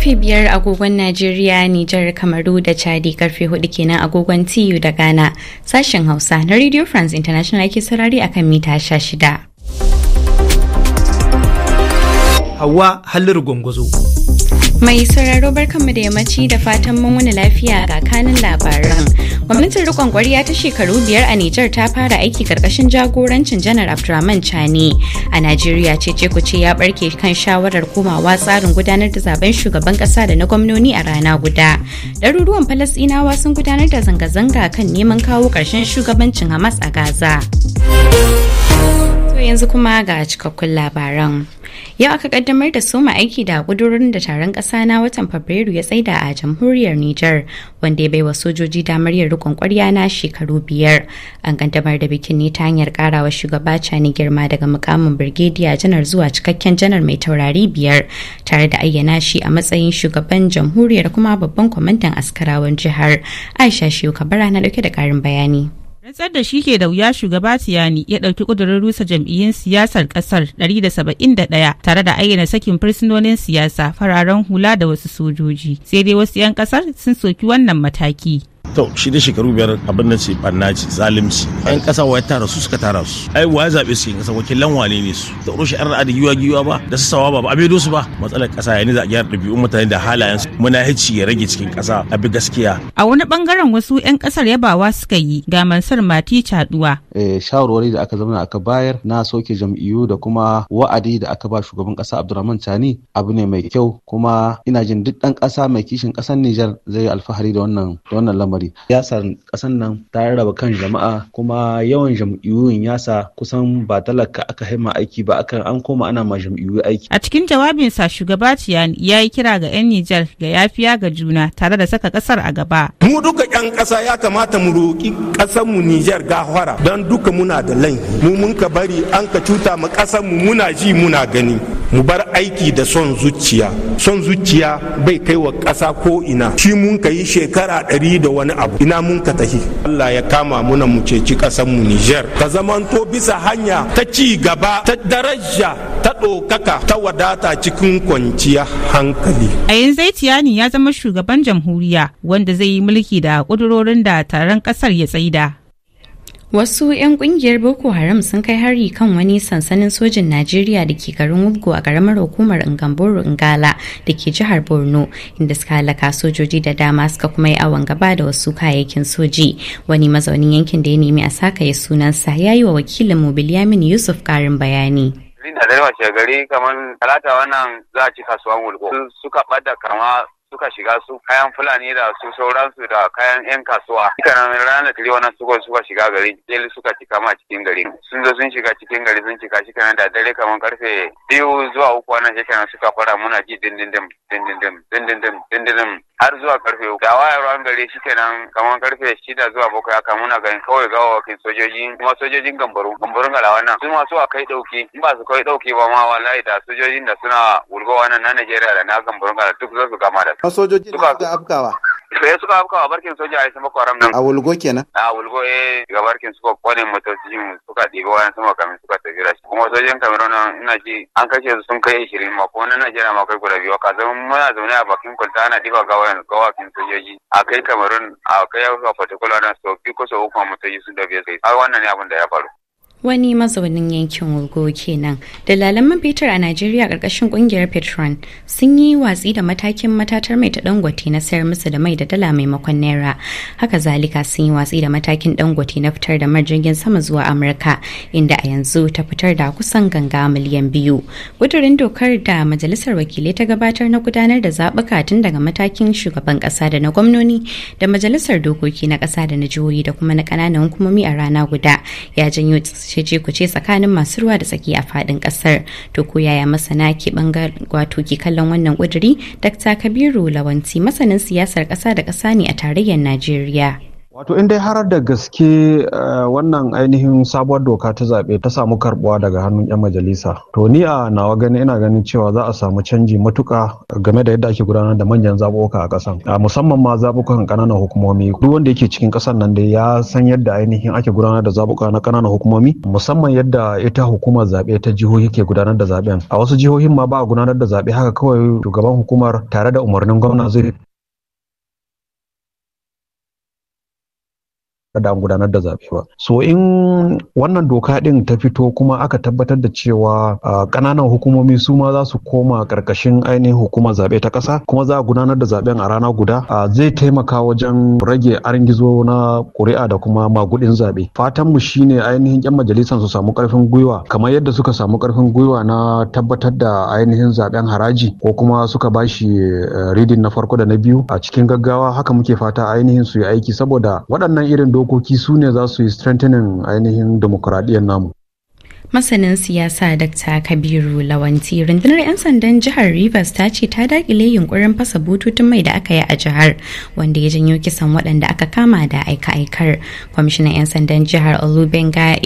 karfe biyar agogon Najeriya, Nijar, Kamaru da Chadi karfe hudu kenan agogon TU da Ghana. Sashen Hausa na Radio France International ake saurari akan mita sha shida. Hawa Halliru Gwangwazo. Mai sauraro barkanmu da yammaci da fatan mun wani lafiya ga kanin labaran. Gwamnatin rikon kwariya ta shekaru biyar a Nijar ta fara aiki karkashin jagorancin Janar Abdurrahman Chani. A Najeriya ce ce ku ce ya barke kan shawarar komawa tsarin gudanar da zaben shugaban kasa da na gwamnoni a rana guda. Ɗaruruwan Falasɗinawa sun gudanar da zanga-zanga kan neman kawo ƙarshen shugabancin Hamas a Gaza. yanzu kuma ga cikakkun labaran. Yau aka kaddamar da soma aiki da kudurin da taron ƙasa na watan Fabrairu ya tsaida a jamhuriyar Nijar wanda ya baiwa sojoji damar yin rikon kwarya na shekaru biyar. An kaddamar da bikin ne ta hanyar karawa shugaba Chani girma daga mukamin Birgediya Janar zuwa cikakken janar mai taurari biyar tare da ayyana shi a matsayin shugaban jamhuriyar kuma babban kwamandan askarawan jihar. Aisha Shehu Kabara na dauke da karin bayani. Rantsar da shi ke da wuya shugaba Tiyani ya ɗauki ƙudurin rusa jam'iyyun siyasar ƙasar 171 tare da ayyana sakin fursunonin siyasa fararen hula da wasu sojoji. Sai dai wasu 'yan ƙasar sun soki wannan mataki. to shi da shekaru biyar abin nan ce banna ce zalimci yan kasa waya tara su suka tara su ai waya zabe su kasa wakilan wane ne su da rushe arna da giwa giwa ba da sawa ba a bedo su ba matsalar kasa yayin za a gyara ɗabi'un mutane da halayen su muna hici ya rage cikin kasa a bi gaskiya a wani bangaren wasu yan ƙasar yabawa suka yi ga mansar Mati caduwa eh, shawarwari da aka zama aka bayar na soke jam'iyyu da kuma wa'adi da aka ba shugaban kasa Abdurrahman Tani abu ne mai kyau kuma ina jin duk ɗan ƙasa mai kishin kasar Niger zai alfahari da wannan da wannan al'amari siyasar nan ta raba kan jama'a kuma yawan jam'iyyun yasa kusan ba talaka aka haima aiki ba akan an koma ana ma jam'iyyu aiki a cikin jawabinsa shugaba Tiyan ya yi kira ga 'yan Nijar ga yafiya ga juna tare da saka kasar a gaba mu duka 'yan ƙasa ya kamata mu roƙi ƙasar mu Nijar gafara don duka muna da laifi mu mun ka bari an ka cuta mu ƙasanmu muna ji muna gani mu bar aiki da son zuciya son zuciya bai kai wa ƙasa ko ina shi mun ka yi shekara ɗari da wani abu ina mun ka tahi Allah ya kama muna mu ceci kasar mu Niger ta zamanto bisa hanya ta ci gaba ta daraja ta ɗaukaka ta wadata cikin kwanciya hankali a yanzu Tiyani ya zama shugaban jamhuriya wanda zai yi mulki da kudurorin da taron kasar ya tsaida Wasu 'yan kungiyar Boko Haram sun kai hari kan wani sansanin sojin Najeriya da ke garin Wulgo a karamar hukumar Ngamboro Ngala da ke jihar Borno inda suka halaka sojoji da dama suka kuma yi awon gaba da wasu kayayyakin soji. Wani mazaunin yankin da ya nemi a saka ya sunansa ya yi wa wakilin mu Bilyamin Yusuf karin bayani. Lina da yawa gari kamar talata wannan za a ci kasuwan wulko. Suka ɓada kama suka shiga su kayan fulani da su sauransu da kayan yan kasuwa kanan ranar tare wannan suka suka shiga garin jeli suka cika ma cikin garin sun zo sun shiga cikin gari sun cika shi kanan da dare kamar karfe biyu zuwa uku wannan shekaran suka fara muna ji dindindim dindindim dindindim dindindim har zuwa karfe wayar ruwan gari shi kenan kamar karfe shida zuwa bakwai aka muna ganin kawai gawawakin sojoji kuma sojojin gambaru gambarun lawan nan su masu a kai dauki in ba su kai dauki ba ma wallahi da sojojin da suna wulgowa nan na Najeriya da na gambarun ga duk za gama da su. Sojojin da suka afkawa. sai eh, suka hauka a barkin soja a isa makwaram nan. A wulgo kenan? A wulgo eh ga suka kone motocin suka ɗibi wayan sama kamin suka tafi da shi. Kuma sojin Cameroon ina ji an kashe su sun kai ishirin ma kuma na Najeriya ma kai guda biyu ka zama muna zaune a bakin kwalta ana ɗiba gawayan gawakin sojoji a kai Cameroon a kai Hausa particular na so biyu ko uku motoci sun da biyar kai. Ai wannan ne abin da ya faru. wani mazaunin yankin wulgo kenan dalalin man fetur a najeriya karkashin ƙungiyar petron sun yi watsi da matakin matatar mai ta dangote na sayar musu da mai da dala maimakon naira haka zalika sun yi watsi da matakin dangote na fitar da marjirgin sama zuwa amurka inda a yanzu ta fitar da kusan ganga miliyan biyu gudurin dokar da majalisar wakilai ta gabatar na gudanar da zaɓuka tun daga matakin shugaban ƙasa da na gwamnoni da majalisar dokoki na ƙasa da na jihohi da kuma na ƙananan hukumomi a rana guda ya janyo ku kuce tsakanin masu ruwa da tsaki a fadin kasar to ko yaya masana ke bangar wato ke kallon wannan kuduri dr kabiru lawanci masanin siyasar kasa da kasa ne a tarayyar najeriya Wato in dai harar da gaske eh, wannan ainihin sabuwar doka ta zaɓe ta samu karbuwa daga hannun 'yan majalisa. To ni a nawa gani ina ganin cewa za a samu canji matuka game da yadda ake gudanar da manyan zaɓuɓɓuka a ƙasan. Musamman ma zaɓuɓɓukan ƙananan hukumomi. Duk wanda yake cikin ƙasan nan dai ya san yadda ainihin ake gudanar da zaɓuɓɓuka na ƙananan hukumomi musamman yadda ita hukumar zaɓe ta jihohi ke gudanar da zaɓen. A wasu jihohin ma ba a gudanar da zaɓe haka kawai shugaban hukumar tare da umarnin gwamna zai da an gudanar da zaɓe ba. So in wannan doka ɗin ta fito kuma aka tabbatar da cewa ƙananan hukumomi su ma za su koma ƙarƙashin ainihin hukumar zaɓe ta ƙasa kuma za a gudanar da zaɓen a rana guda zai taimaka wajen rage arin gizo na ƙuri'a da kuma magudin zaɓe. Fatan mu shine ainihin 'yan majalisar su samu ƙarfin gwiwa kamar yadda suka samu ƙarfin gwiwa na tabbatar da ainihin zaɓen haraji ko kuma suka ba shi eh, ridin na farko da na biyu a cikin gaggawa haka muke fata ainihin su yi aiki saboda waɗannan irin dokoki su ne za su yi strengthening ainihin demokuraɗiyyar namu masanin siyasa dr kabiru lawanti rundunar 'yan sandan jihar rivers ta ce ta dakile yunkurin fasa bututun mai da aka yi a jihar wanda ya janyo kisan waɗanda aka kama da aika-aikar kwamishinan 'yan sandan jihar olubenga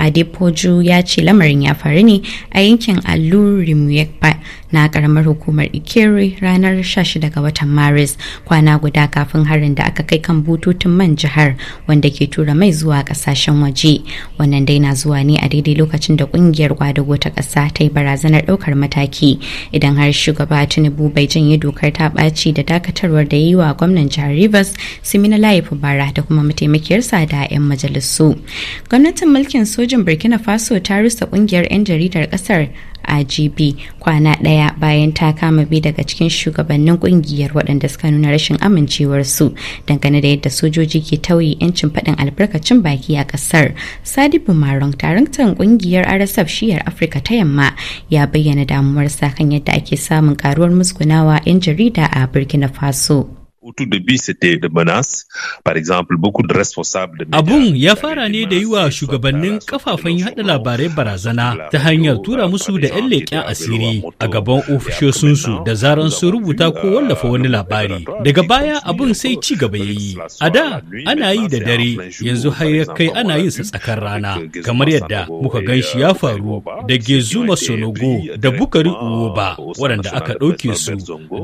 adepoju ya ce lamarin ya faru ne a yankin alu rimuyekpa na karamar hukumar Ikere ranar 16 ga watan Maris kwana guda kafin harin da aka kai kan bututun man jihar wanda ke tura mai zuwa kasashen waje. Wannan dai na zuwa ne a daidai lokacin da kungiyar gwadago ta kasa ta yi barazanar daukar mataki idan har shugaba Tinubu bai janye dokar ta ɓaci da dakatarwar da yi wa gwamnan jihar Rivers Simina Laif Bara da kuma mataimakiyarsa da 'yan majalisu. Gwamnatin mulkin sojin Burkina Faso ta rusa kungiyar 'yan jaridar kasar. a gb kwana ɗaya bayan ta kama bi daga cikin shugabannin kungiyar waɗanda suka nuna rashin amincewarsu dangane da yadda sojoji ke tauye 'yancin faɗin albarkacin baki a ƙasar sadibu maron tarantan kungiyar rsf shiyar afirka ta yamma ya bayyana damuwarsa kan yadda ake samun karuwar musgunawa 'yan jarida a burkina faso au tout début c'était de menaces par exemple beaucoup de responsables de abun ah ya fara ne da yi wa shugabannin kafafen yada labarai barazana ta hanyar tura musu da yan leƙen asiri a gaban su da zaran su rubuta ko wallafa euh, wani labari daga baya abun sai ci gaba ya yi a da ana yi da dare yanzu har ya kai ana yin sa tsakar rana kamar yadda muka gan shi ya euh, faru da gezuma sonogo euh, da bukari uwoba waɗanda aka ɗauke su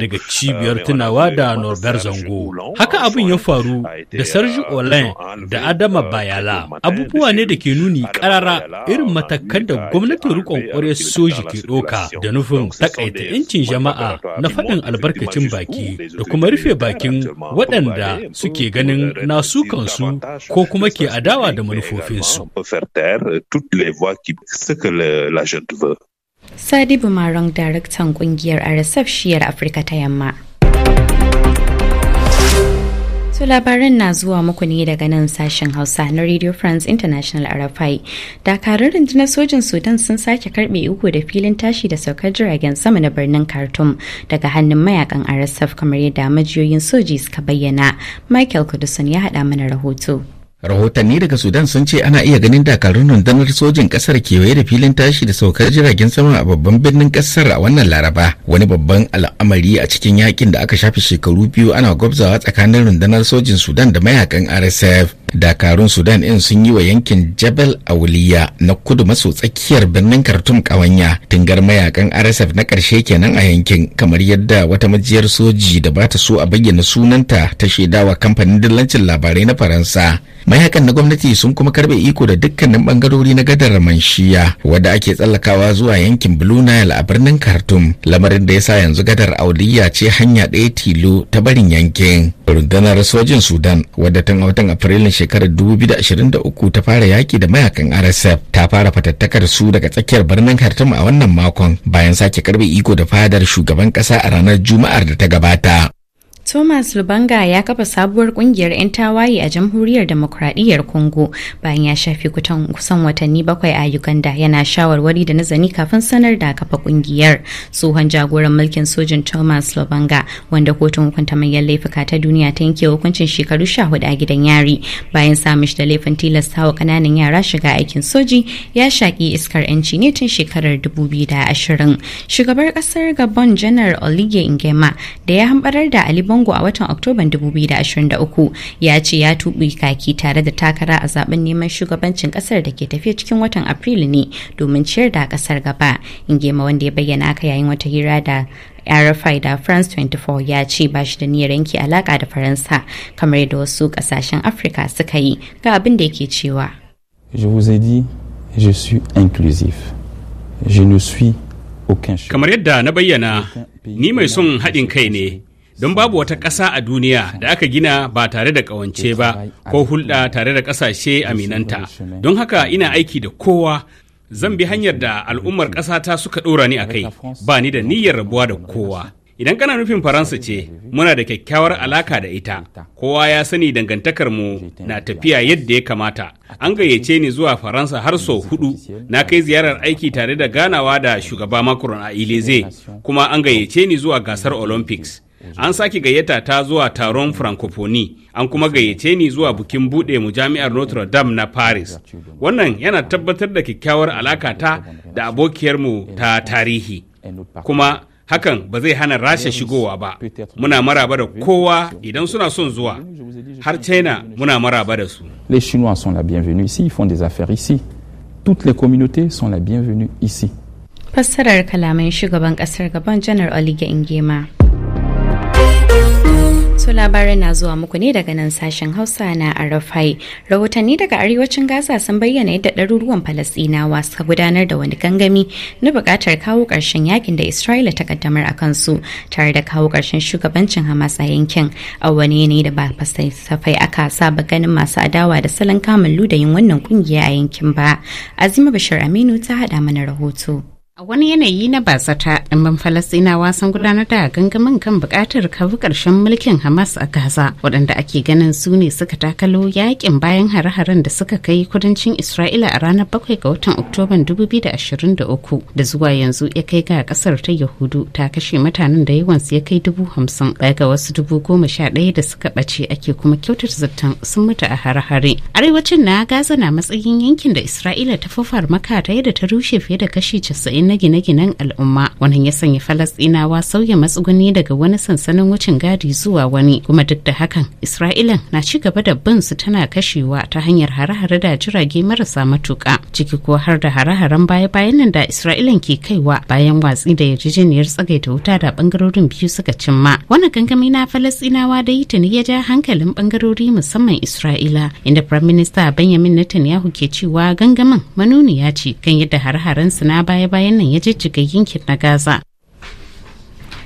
daga cibiyar tunawa da norbert zango. Haka abin ya faru da Sergio Olen da Adama Bayala. Abubuwa ne da ke nuni karara irin matakan da gwamnatin rikon kwarai soji ke ɗoka da nufin takaita 'yancin jama'a na faɗin albarkacin baki da kuma rufe bakin waɗanda suke ganin na su kansu ko kuma ke adawa da manufofinsu. Sadibu Marong daraktan kungiyar RSF shiyar Afirka ta Yamma. To labaran na zuwa muku ne daga nan sashen Hausa na Radio France International rfi Dakarun rundunar sojin Sudan sun sake karbe uku da filin tashi da saukar jiragen sama na birnin Khartoum daga hannun mayakan RSF kamar yadda majiyoyin soji suka bayyana. Michael Kudusun ya haɗa mana rahoto. rahotanni daga sudan sun ce ana iya ganin dakarun rundunar sojin kasar kewaye da filin tashi da saukar jiragen sama a babban birnin kasar a wannan laraba wani babban al'amari a cikin yakin da aka shafe shekaru biyu ana gwabzawa tsakanin rundunar sojin sudan da mayakan rsf dakarun sudan ɗin sun yi wa yankin jabal auliya na kudu maso tsakiyar birnin khartoum ƙawanya gar mayakan rsf na ƙarshe kenan a yankin kamar yadda wata majiyar soji da bata so a bayyana sunanta ta shaidawa kamfanin dillancin labarai na faransa mayakan na gwamnati sun kuma karbe iko da dukkanin bangarori na gadar manshiya wadda ake tsallakawa zuwa yankin blue nile a birnin khartoum lamarin da ya sa yanzu gadar auliya ce hanya ɗaya tilo ta barin yankin rundunar sojin sudan wadda tun watan afrilun shekarar 2023 ta fara yaki da mayakan rsf ta fara fatattakar su daga tsakiyar birnin khartoum a wannan makon bayan sake karbe iko da fadar shugaban kasa a ranar juma'ar da ta gabata Thomas Lubanga ya kafa sabuwar kungiyar 'yan tawaye a jamhuriyar demokradiyyar Congo bayan ya shafi kusan watanni bakwai a Uganda yana shawarwari da nazani kafin sanar da kafa kungiyar. Tsohon jagoran mulkin sojin Thomas Lubanga wanda kotun hukunta manyan laifuka ta duniya ta yanke hukuncin shekaru sha hudu a gidan yari bayan samun shi da laifin tilasta wa kananan yara shiga aikin soji ya shaƙi iskar 'yanci ne tun shekarar da ashirin Shugabar ƙasar Gabon Janar olivier Ngema da ya hambarar da Ali Bongo Congo a watan Oktoban 2023 ya ce ya tuɓi kaki tare da takara a zaben neman shugabancin kasar da ke tafiya cikin watan Afrilu ne domin ciyar da kasar gaba. in gema wanda ya bayyana aka yayin wata hira da RFI da France 24 ya ce ba shi da niyyar yanke alaka da Faransa kamar yadda wasu kasashen Afirka suka yi ga abin da yake cewa. Je vous Kamar yadda na bayyana, ni mai son haɗin kai ne, don babu wata ƙasa a duniya da aka gina ba tare da ƙawance ba ko hulɗa tare da ƙasashe aminanta don haka ina aiki da kowa zan bi hanyar da al'ummar ƙasata suka ɗora ni a kai ba ni da niyyar rabuwa da kowa idan kana nufin faransa ce muna da kyakkyawar alaka da ita kowa ya sani dangantakarmu na tafiya yadda ya kamata an gayyace ni zuwa faransa har sau hudu na kai ziyarar aiki tare da ganawa da shugaba macron a ilize kuma an gayyace ni zuwa gasar olympics an sake gayyata ta zuwa taron francophonie an kuma gayyace ni zuwa bukin buɗe mu jami'ar notre dame na paris wannan yana tabbatar da kyakkyawar alaka ta da abokiyarmu ta tarihi kuma hakan ba zai hana rasha shigowa ba muna maraba da kowa idan suna son zuwa har china muna maraba da su les chinois sont la bienvenue ici ils font des affaires ici toutes les communautés sont la bienvenue ici fassarar kalaman shugaban kasar gaban janar olige ingema So labarai na zuwa muku ne daga nan sashen Hausa na Arafai. Rahotanni daga arewacin Gaza sun bayyana yadda ɗaruruwan Falasɗinawa suka gudanar da wani gangami na buƙatar kawo ƙarshen yakin da Isra'ila ta kaddamar a kansu tare da kawo ƙarshen shugabancin Hamas a yankin a wani ne da ba safai aka saba ganin masu adawa da salon kamun ludayin wannan ƙungiya a yankin ba. Azima Bashir Aminu ta haɗa mana rahoto. A wani yanayi na basata, ɗimbin Falasɗinawa sun gudanar da gangamin kan buƙatar kawo ƙarshen mulkin Hamas a Gaza, waɗanda ake ganin su ne suka takalo yakin bayan hare-haren da suka kai kudancin Isra'ila a ranar 7 ga watan Oktoban 2023 da zuwa yanzu ya kai ga ƙasar ta Yahudu ta kashe mutanen da yawansu ya kai dubu hamsin baya ga wasu dubu goma sha ɗaya da suka ɓace ake kuma kyautar zaton sun mutu a hare-hare. Arewacin na Gaza na matsayin yankin da Isra'ila ta fafar maka ta yadda ta rushe fiye da kashi casa'in na gine-ginen al'umma wannan ya sanya falastinawa sauya matsuguni daga wani sansanin wucin gadi zuwa wani kuma duk da hakan isra'ila na ci gaba da bin su tana kashewa ta hanyar hare-hare da jirage marasa matuka ciki ko har da hare-haren baya-bayan nan da isra'ila ke kaiwa bayan watsi da yarjejeniyar tsagaita wuta da bangarorin biyu suka cimma wannan gangami na falastinawa da yi tuni ya ja hankalin bangarori musamman isra'ila inda prime minister benjamin netanyahu ke cewa gangamin manuniya ce kan yadda hare-haren su na baya-bayan 一直这个隐居那个啥。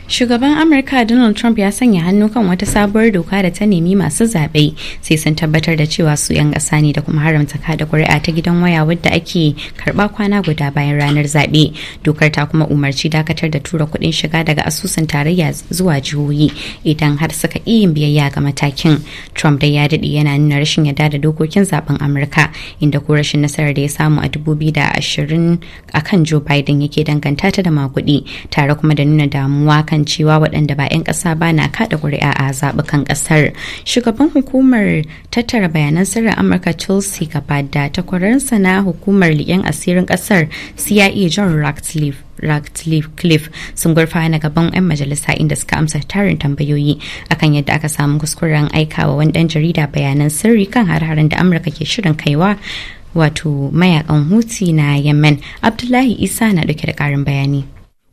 Shugaban Amurka Donald Trump ya sanya hannu kan wata sabuwar doka da ta nemi masu zaɓe sai sun tabbatar da cewa su 'yan ƙasa ne da kuma haramta kada ƙuri'a ta gidan waya wadda ake karɓa kwana guda bayan ranar zaɓe. Dokar ta kuma umarci dakatar da tura kuɗin shiga daga asusun tarayya zuwa jihohi idan har suka yin biyayya ga matakin. Trump dai ya daɗe yana nuna rashin yarda da dokokin zaɓen Amurka inda ko rashin nasarar da ya samu a 2020 akan Joe Biden yake danganta ta da maguɗi tare kuma da nuna damuwa kan cewa waɗanda ba 'yan ƙasa ba na kaɗa ƙuri'a a zaɓukan ƙasar shugaban hukumar tattara bayanan sirrin amurka chelsea gabada takwararsa na hukumar liƙen asirin ƙasar cia john ratcliffe Ratcliffe Cliff sun na gaban 'yan majalisa inda suka amsa tarin tambayoyi akan yadda aka samu kuskuren aikawa wani dan jarida bayanan sirri kan har-haren da Amurka ke shirin kaiwa wato mayakan hutu na Yemen. Abdullahi Isa na dauke da karin bayani.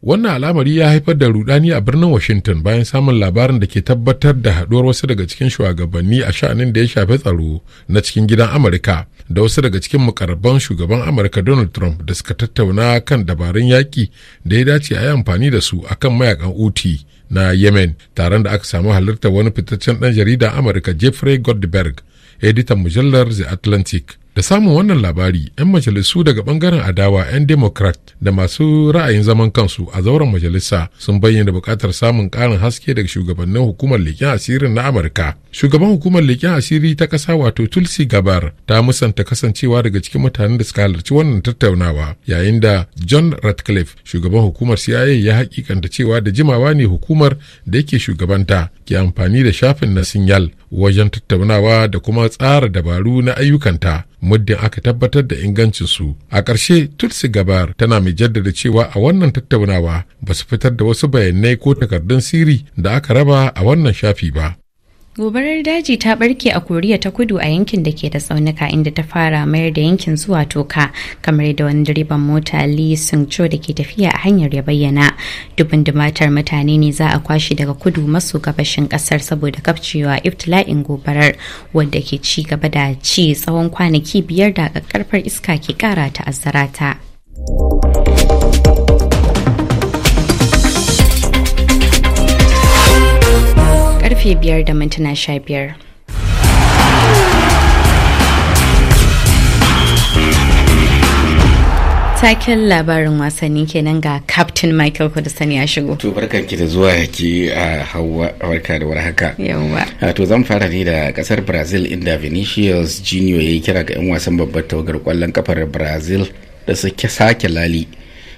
wannan al'amari ya haifar da rudani a birnin washington bayan samun labarin da ke tabbatar da haduwar wasu daga cikin shugabanni a sha'anin da ya shafi tsaro na cikin gidan amurka da wasu daga cikin mukarraban shugaban amurka donald trump da suka tattauna kan dabarun yaƙi da ya dace a yi amfani da su a kan mayakan uti na yemen taron da aka samu halartar wani fitaccen ɗan jarida amurka jeffrey goldberg editan mujallar the atlantic da samun wannan labari 'yan majalisu daga bangaren adawa 'yan democrat da masu ra'ayin zaman kansu a zauren majalisa sun bayyana bukatar samun ƙarin haske daga shugabannin hukumar leƙen asirin na amurka shugaban hukumar leƙen asiri ta ƙasa wato tulsi gabar ta musanta kasancewa daga cikin mutanen da suka halarci wannan tattaunawa yayin da john ratcliffe shugaban hukumar cia ya hakikanta cewa da jimawa ne hukumar da yake shugabanta ke amfani da shafin na sinyal wajen tattaunawa da kuma tsara dabaru na ayyukanta muddin aka tabbatar da ingancinsu a ƙarshe tutsi gabar tana mai jaddada cewa a wannan tattaunawa ba su fitar da wasu bayanai ko takardun sirri da aka raba a wannan shafi ba gobarar daji ta barke a koriya ta kudu a yankin da ke da tsaunuka inda ta fara mayar da yankin zuwa toka kamar da wani direban mota lee sung cho da ke tafiya a hanyar ya bayyana dubin dumatar mutane ne za a kwashe daga kudu maso gabashin kasar saboda kafcewa iftila'in gobarar wadda ke ci gaba da ci tsawon kwanaki biyar da karfar iska ke kara ta'azzara ta. karfe biyar da mintuna sha biyar. taken labarin wasanni kenan ga captain michael kudusan ya shigo to barkan ki da zuwa ki a hawa barka da warhaka yawa to zan fara ne da kasar brazil inda vinicius junior ya kira ga 'yan wasan babbar tawagar kwallon kafar brazil da suke sake lali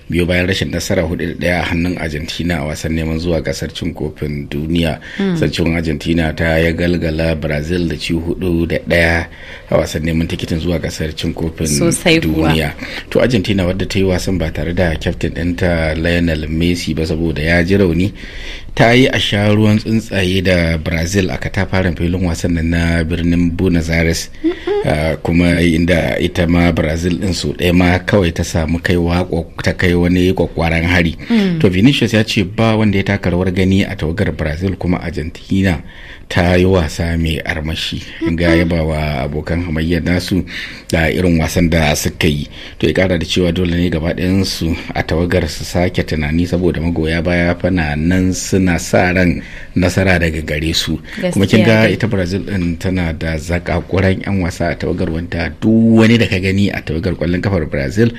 biyu bayan rashin nasara hudu da daya a hannun argentina a wasan neman zuwa gasar cin kofin duniya hmm. sarcin argentina ta ya galgala brazil da ci hudu da daya a wasan neman tikitin zuwa gasar cin kofin duniya to argentina wadda ta yi wasan ba tare da kyaftin ɗinta lionel messi ba saboda ya ji rauni ta yi a sha ruwan tsuntsaye da brazil a katafaren filin wasan na birnin buenos aires ah, kuma inda ita ma brazil din su ɗaya ma kawai ta samu kaiwa ta kai wani kwakwaran hari mm. to vinicius ya ce ba wanda ya taka rawar gani a tawagar brazil kuma argentina ta yi wasa mai armashi ga yaba wa abokan hamayya nasu da irin wasan da suka yi to ya kara da cewa dole ne gaba su a tawagar su sake tunani saboda magoya baya fana nan suna sa ran nasara daga gare su kuma kin ga ita brazil din tana da zakakuran yan wasa a tawagar wanda duk wani da ka gani a tawagar kwallon kafar brazil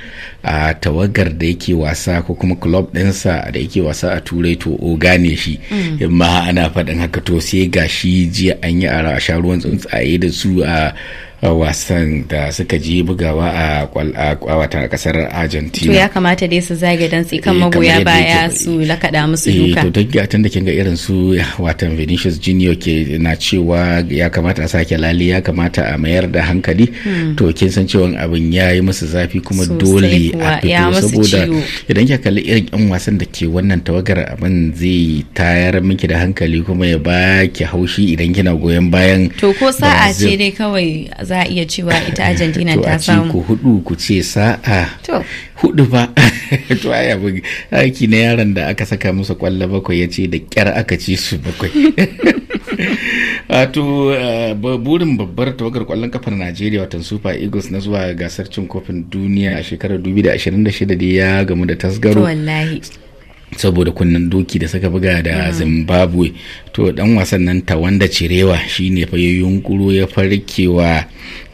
a tawagar da yake wasa ko kuma club ɗinsa da yake wasa a turai to o gane shi amma mm. ana faɗin haka to sai gashi shi jiya an yi a sha ruwan tsuntsaye da su a wasan da suka ji bugawa a watan kasar argentina to ya kamata dai su zage dan kan eh, magoya baya su lakada musu eh, duka to duk gatan da kinga irin su watan venetius junior ke na cewa ya kamata a sake lali ya kamata a mayar da hankali hmm. to kin san cewa abin ya yi musu zafi kuma dole a fito saboda idan kika kalli irin yan wasan da ke wannan tawagar abin zai tayar miki da hankali kuma ya ba ki haushi idan kina goyon bayan to ko sa'a ce dai kawai za a iya cewa ita argentina ta samu ku hudu ku ce sa'a hudu ba to ai bugi aiki na yaron da aka saka musu kwallo bakwai ya ce da kyar aka ci su bakwai wato eh, burin babbar tawagar kwallon kafar najeriya watan super eagles na zuwa gasar cin kofin duniya a shekarar 2026 da ya gamu da tasgaro saboda kunnen doki da suka buga da mm. zimbabwe to dan wasan nan wanda cirewa shine fa ya yunkuro ya farkewa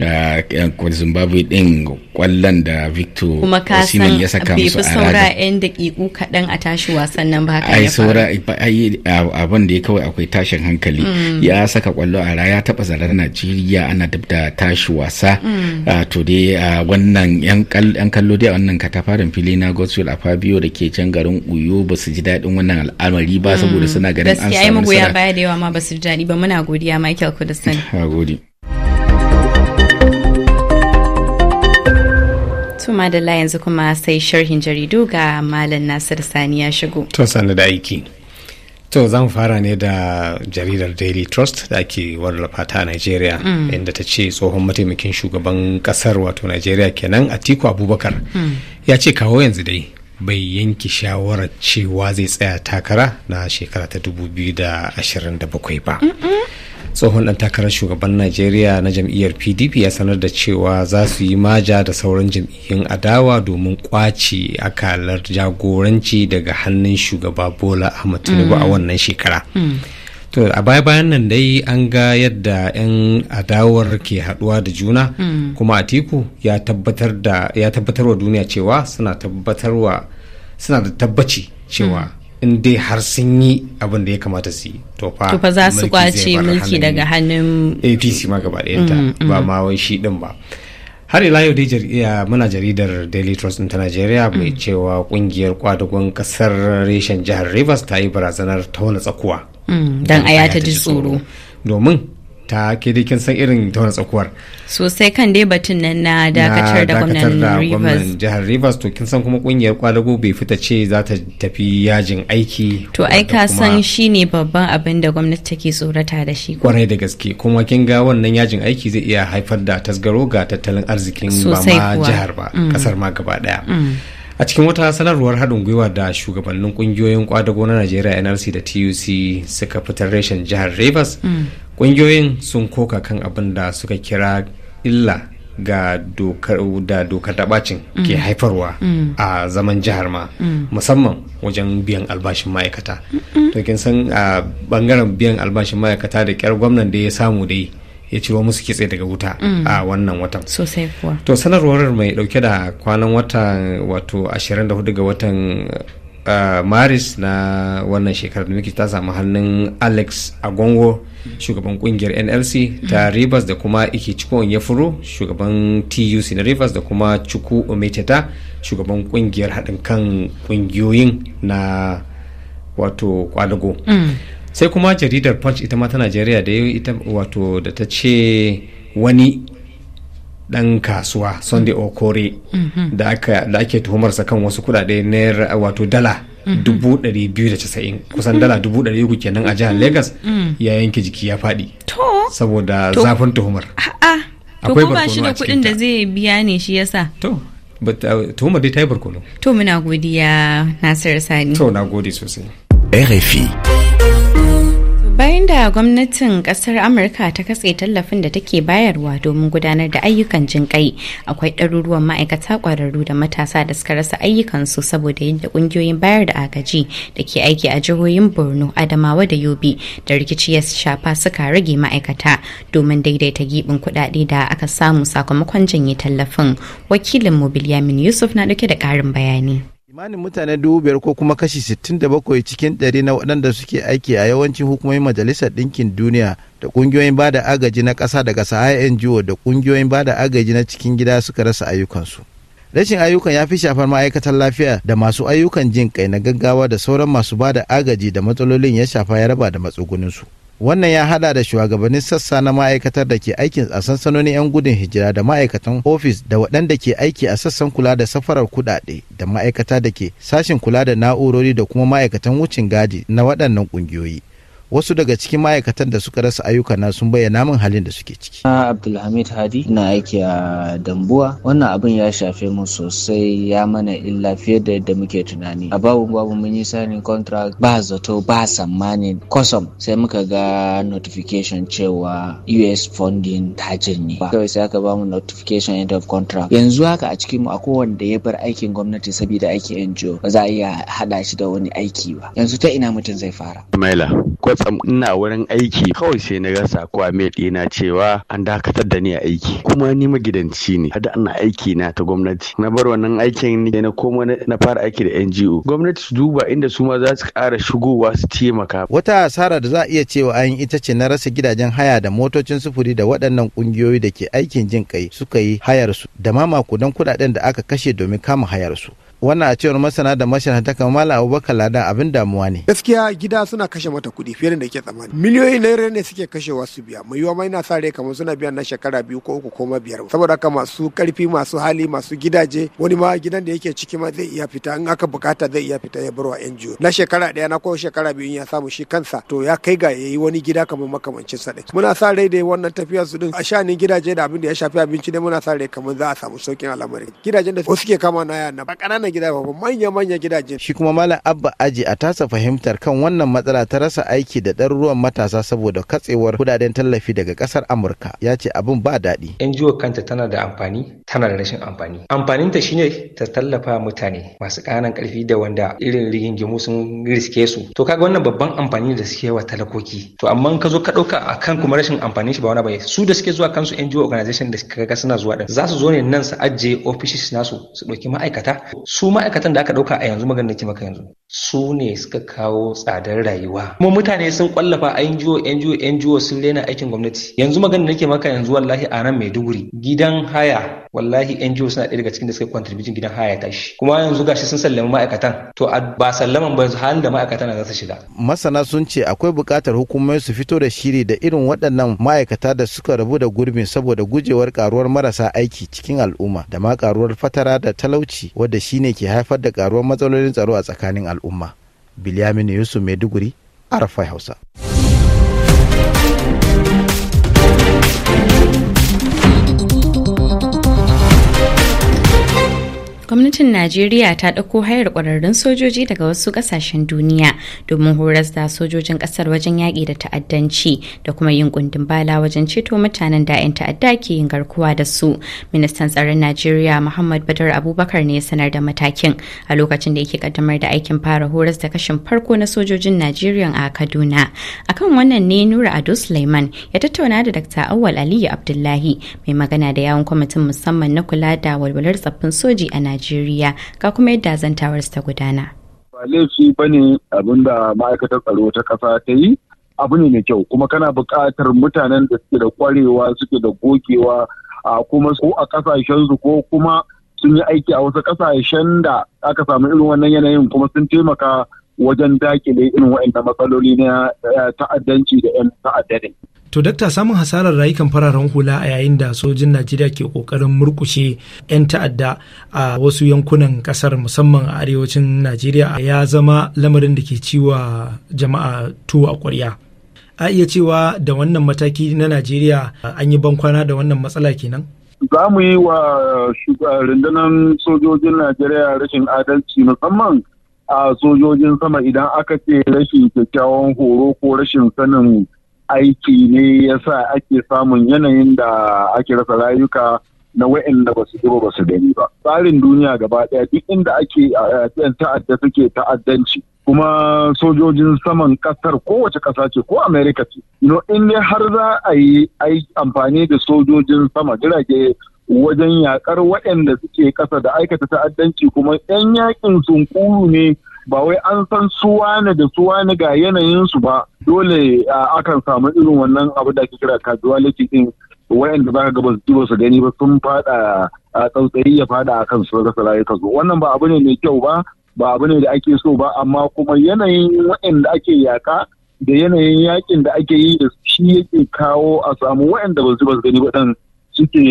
ah, eh, zimbabwe din kwallon da victor osimhen ya saka musu a saura yan dakiku kaɗan a tashi wasan nan ba a ya saura abin da ya kawai akwai tashin hankali mm. ya saka kwallo a raya taɓa zarar najeriya ana dab da tashi wasa mm. ah, to dai ah, wannan yan kallo dai a wannan katafaren fili na godswill a fabio da ke can garin uyo ba su ji daɗin wannan al'amari ba saboda mm, suna ganin an samu nasara. magoya baya da yawa ma ba su ji daɗi ba muna godiya Michael Kudistan. Ha gode. Tuma da la yanzu kuma sai sharhin jaridu ga Malam Nasir Sani ya shigo. To sani da aiki. To zan fara ne da jaridar Daily Trust da ake wallafa ta Najeriya mm. inda ta ce tsohon mataimakin shugaban kasar wato Najeriya kenan Atiku Abubakar mm. ya ce kawo yanzu dai bai yanke shawarar cewa zai tsaya takara na shekara ta 2027 ba tsohon dan takarar shugaban najeriya na jam'iyyar pdp ya sanar da cewa za su yi maja da sauran jam'iyyun adawa domin kwaci akalar jagoranci daga hannun shugaba bola ahmad tinubu a mm. wannan shekara mm. to a baya bayan nan dai an ga yadda 'yan adawar ke haduwa da juna mm. kuma atiku ya tabbatar wa duniya cewa suna tabbatarwa suna da tabbaci cewa hmm. in dai har sun yi abin da ya kamata su yi to fa to fa za su kwace mulki daga hannun APC ma gaba ta hmm, hmm. ba ma wai shi din ba har ila yau dai muna jaridar daily trust ta najeriya mai cewa kungiyar kwadagon kasar reshen jihar rivers ta yi barazanar tauna tsakuwa don a ta ji tsoro domin ta ke dai kin san irin tauna tsakuwar sosai kan dai batun nan na dakatar da gwamnan rivers jihar rivers to kin san kuma kungiyar kwalago bai fita ce za ta tafi yajin aiki to ai ka san shine babban abin da gwamnati take tsorata da shi kwarai da gaske kuma kin ga wannan yajin aiki zai iya haifar da tasgaro ga tattalin arzikin ba ma jihar ba mm. kasar ma gaba daya mm. a cikin wata sanarwar haɗin gwiwa da shugabannin kungiyoyin kwadago na najeriya nrc da tuc suka fitar reshen jihar rivers mm. ƙungiyoyin sun koka kan abin da suka kira illa ga dokar da dokar da bacin ke mm. haifarwa mm. a zaman jihar ma mm. musamman wajen biyan albashin ma'aikata to kin san a bangaren biyan albashin ma'aikata da kyar gwamnan da ya samu dai ya ciro musu kitse daga wuta a wannan watan sosai kuwa to sanarwar mai dauke da kwanan watan wato 24 ga watan Ah, maris na wannan shekarar da muke ta samu hannun alex agongo shugaban kungiyar nlc ta mm-hmm. rivers da kuma ike ciko furo shugaban tuc na rivers da kuma chuku umeteta shugaban kungiyar haɗin kan kungiyoyin na wato kwadago mm. sai kuma jaridar punch ita ma ta najeriya da wato da ta ce wani dan kasuwa sunday okore mhm. da ake tuhumarsa kan wasu kudade naira wato dala 290 mhm. kusan dala 300 mhm. kenan a jihar lagos ya yanke jiki ya fadi saboda zafin tuhumar akwai barkono a shi da kuɗin da zai biya ne shi yasa to uh, tuhumar dai ta yi barkono to muna godiya nasir sani to na gode sosai rfi bayan da gwamnatin kasar amurka ta katse tallafin da take bayarwa domin gudanar da ayyukan jin kai akwai ɗaruruwan ma'aikata ƙwararru da matasa da suka rasa ayyukansu saboda yadda ƙungiyoyin bayar da agaji da ke aiki a jihohin borno adamawa da yobe da rikici ya shafa suka rage ma'aikata domin daidaita gibin kuɗaɗe da aka samu sakamakon janye tallafin wakilin mobiliyamin yusuf na ɗauke da ƙarin bayani Imanin mutane dubu biyar ko kuma kashi sittin da bakwai cikin ɗari na waɗanda suke aiki a yawancin hukumomin Majalisar Ɗinkin Duniya da ƙungiyoyin bada agaji na ƙasa da ƙasa ngo da ƙungiyoyin bada agaji na cikin gida suka rasa ayyukansu. Rashin ayyukan ya fi shafar ma'aikatan lafiya da masu ayyukan jin kai na gaggawa da sauran masu bada agaji da matsalolin ya shafa ya raba da matsuguninsu. wannan ya hada da shugabannin sassa na ma'aikatar da ke aikin a sansanonin 'yan gudun hijira da ma'aikatan ofis da waɗanda ke aiki a sassan kula da safarar kudade da ma'aikata da ke sashen kula da na'urori da kuma ma'aikatan wucin gadi na waɗannan ƙungiyoyi wasu daga cikin ma'aikatan da suka rasa ayyuka na sun bayyana min halin da suke ciki. Na Abdulhamid Hadi na aiki a Dambuwa wannan abin ya shafe mu sosai ya mana illa fiye da yadda muke tunani. A babu babu mun yi sani contract ba zato ba tsammani kwasom sai muka ga notification cewa US funding ta janye ba. Kawai sai aka ba mu notification end of contract. Yanzu haka a cikin mu akwai wanda ya bar aikin gwamnati saboda aikin NGO ba za a iya hada shi da wani aiki ba. Yanzu ta ina mutum zai fara. Maila, tsam ina wurin aiki kawai sai na ga sako a mail ɗina cewa an dakatar da ni a aiki kuma ni magidanci ne hada ana aiki na ta gwamnati na bar wannan aikin ne na koma na fara aiki da NGO gwamnati su duba inda su ma za su ƙara shigowa su taimaka wata asara da za a iya cewa an ita ce na rasa gidajen haya da motocin sufuri da waɗannan ƙungiyoyi da ke aikin jin kai suka yi hayar su da ma makudan kuɗaɗen da aka kashe domin kama hayar su wannan a cewar masana da masharanta kamar malam abubakar lada abin damuwa ne gaskiya gida suna kashe mata kuɗi fiye da ke tsammani na naira ne suke kashewa su biya mai yiwa ma ina sa rai kamar suna biyan na shekara biyu ko uku ko ma biyar saboda haka masu karfi masu hali masu gidaje wani ma gidan da yake ciki ma zai iya fita in aka bukata zai iya fita ya barwa yan na shekara ɗaya na ko shekara biyu ya samu shi kansa to ya kai ga yayi wani gida kamar makamancin sa muna sa rai da wannan tafiyar su din a shanin gidaje da abin da ya shafi abinci ne muna sa rai kamar za a samu saukin al'amari gidajen da suke kama na yana ƙananan gida ba manya-manya gidaje. Shi kuma Malam Abba Aji a tasa fahimtar kan wannan matsala ta rasa aiki da ɗaruruwan matasa saboda katsewar kudaden tallafi daga ƙasar Amurka ya ce abin ba daɗi. NGO kanta tana da amfani tana da rashin amfani. Amfaninta shine ta tallafa mutane masu ƙananan ƙarfi da wanda irin rigingimu sun riske su. To kaga wannan babban amfani da suke wa talakoki. To amma ka zo ka ɗauka a kan kuma rashin amfanin shi ba wani ba su da suke zuwa kansu NGO organization da suka ga suna zuwa ɗin za su zo ne nan su ajiye offices nasu su ɗauki ma'aikata su su ma'aikatan da aka dauka a yanzu maganar ke maka yanzu su ne suka kawo tsadar rayuwa kuma mutane sun kwallafa NGO NGO NGO sun lena aikin gwamnati yanzu maganar nake maka yanzu wallahi a nan Maiduguri gidan haya wallahi NGO suna ɗaya daga cikin da suka contribution gidan haya tashi kuma yanzu gashi sun sallama ma'aikatan to ba sallaman ba halin da ma'aikatan za su shiga masana sun ce akwai buƙatar hukumomi su fito da shiri da irin waɗannan ma'aikata da suka rabu da gurbin saboda gujewar karuwar marasa aiki cikin al'umma da ma karuwar fatara da talauci wadda shine ke haifar da karuwar matsalolin tsaro a tsakanin al'umma. Biliyamin Yusuf Maiduguri, Arafai Hausa. Gwamnatin Najeriya ta ɗauko hayar kwararrun sojoji daga wasu ƙasashen duniya domin horas da sojojin ƙasar wajen yaƙi da ta'addanci da kuma yin kundin bala wajen ceto mutanen da 'yan ta'adda ke yin garkuwa da su. Ministan tsaron Najeriya Muhammad Badar Abubakar ne ya sanar da matakin a lokacin da yake kaddamar da aikin fara horas da kashin farko na sojojin Najeriya a Kaduna. Akan wannan ne Nura Ado Suleiman ya tattauna da Dr. Awal Aliyu Abdullahi mai magana da yawon kwamitin musamman na kula da walwalar tsaffin soji a Najeriya. Najeriya ga kuma yadda zantawar ta gudana. Ba laifi ba ne abin da ma'aikatar tsaro ta kasa ta yi abu ne mai kyau kuma kana buƙatar mutanen da suke da ƙwarewa suke da gogewa a kuma ko a ƙasashensu ko kuma sun yi aiki a wasu ƙasashen da aka samu irin wannan yanayin kuma sun taimaka wajen dakile irin waɗanda matsaloli na eh, ta'addanci da 'yan ta'addanin. To dakta samun hasarar rayukan fararen hula a yayin da sojin Najeriya ke kokarin murkushe 'yan ta'adda a wasu yankunan kasar musamman a arewacin Najeriya ya zama lamarin da ke ciwa jama'a tuwo a ƙwarya. A iya cewa da wannan mataki na Najeriya an yi bankwana da wannan matsala kenan? Za mu yi wa rundunar sojojin Najeriya rashin adalci musamman a sojojin sama idan aka ce rashin kyakkyawan horo ko rashin sanin aiki ne ya sa ake samun yanayin da ake rasa rayuka na wa'anda ba su zuba ba su gani ba tsarin duniya gaba ɗaya duk inda ake yan ta'adda suke ta'addanci kuma sojojin saman ƙasar kowace ƙasa ce ko amerika ce no in dai har za a yi amfani da sojojin sama jirage wajen yakar waɗanda suke ƙasa da aikata ta'addanci kuma 'yan yakin sunkuru ne ba wai an san suwane da suwane ga yanayinsu ba dole akan samu irin wannan abu da ake kira lake din wayanda za ka ga ba su gani ba sun fada a tsautsayi ya fada a kansu rasa rayuka zo wannan ba abu ne mai kyau ba ba abu ne da ake so ba amma kuma yanayin wayanda ake yaka da yanayin yakin da ake yi da shi yake kawo a samu wayanda ba su gani ba dan suke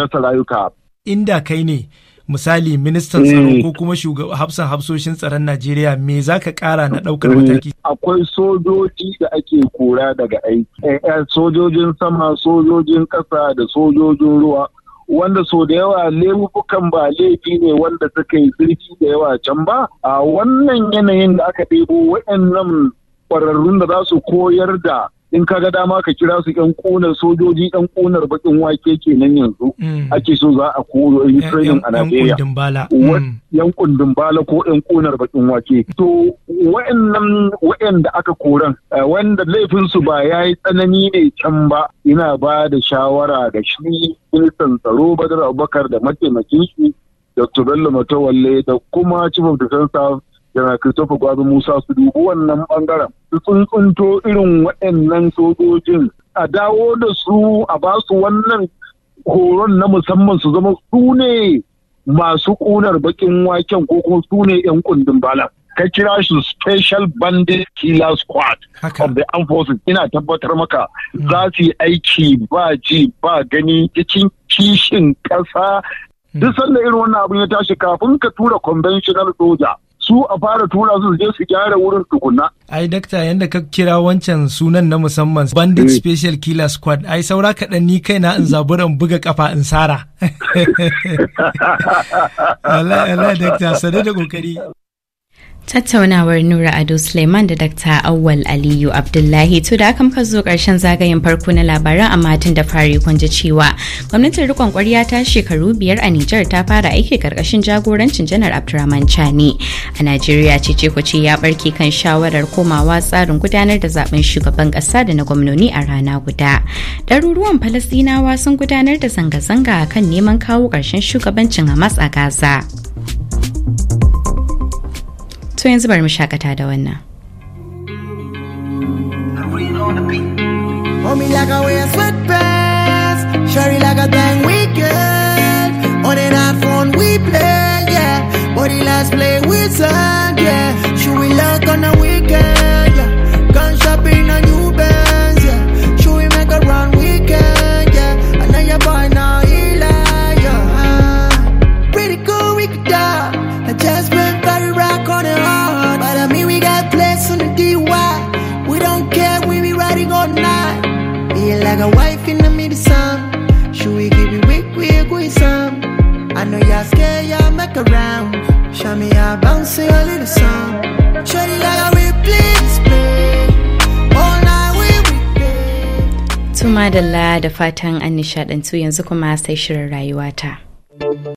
rasa rayuka inda kai ne misali ministan hmm. tsaro ko kuma hafsan hafsoshin tsaron najeriya me za ka kara na daukar hmm. mataki akwai sojoji da ake kura daga aiki eh, eh, sojojin sama sojojin kasa da sojojin ruwa wanda sau da yawa laifukan ba laifi ne wanda suka yi zirki da yawa can ba a wannan yanayin da aka ɗebo waɗannan ƙwararrun da za su koyar da in ka ga dama ka kira su yan kunar sojoji yan kunar bakin wake kenan yanzu mm. ake so za a koyo yi training a Najeriya yan mm. kundin bala ko yan kunar bakin wake to wa'annan wa'anda aka koran eh, wanda laifin su ba yayi tsanani ne can ba ina ba da shawara ga shi ministan tsaro Badar Abubakar da mataimakin shi Dr. Bello Matawalle da kuma Chief of Defense Staff Jana kristofa Gwazo Musa su dubi wannan bangaren. Su tsuntsunto irin waɗannan sojojin a dawo da su a ba su wannan horon na musamman su zama su ne masu ƙunar baƙin waken ko kuma su ne 'yan kundin bala. Ka kira shi Special Bandit Killer Squad of the Armed Forces ina tabbatar maka hmm. za su yi aiki ba ji ba gani cikin kishin ƙasa. Hmm. Duk sanda irin wannan abin ya tashi kafin ka tura conventional soja. su a fara tura su je su gyara wurin tukuna. Ai dakta yanda ka kira wancan sunan na musamman bandit eh. special killer squad ai saura kaɗan ni kaina in zaburan buga kafa in sara. Allah Allah dakta sadu da kokari. Tattaunawar Nura Ado Suleiman da Dr. Awwal Aliyu Abdullahi to da aka muka zo karshen zagayen farko na labaran amma tun da fari kun ji cewa gwamnatin rikon kwarya ta shekaru biyar a Nijar ta fara aiki karkashin jagorancin Janar Abdurrahman Chani. A Najeriya ce ce ku ce ya barke kan shawarar komawa tsarin gudanar da zaben shugaban kasa da na gwamnoni a rana guda. Ɗaruruwan Falastinawa sun gudanar da zanga-zanga kan neman kawo ƙarshen shugabancin Hamas a Gaza. So yanzu bari mu shakata da wannan. Hold I wear sweatpants, shawty like a thing we get. On and off phone we play, yeah. Body let's play with sand, yeah. Should Gun shopping on Like wife in the middle sun. Should we give you weak, we I know y'all scared, y'all make a round. Show me how bounce to your little song. Shut like a replay, play. All night we replay. Tuma da la da fatan an nishadantu yanzu kuma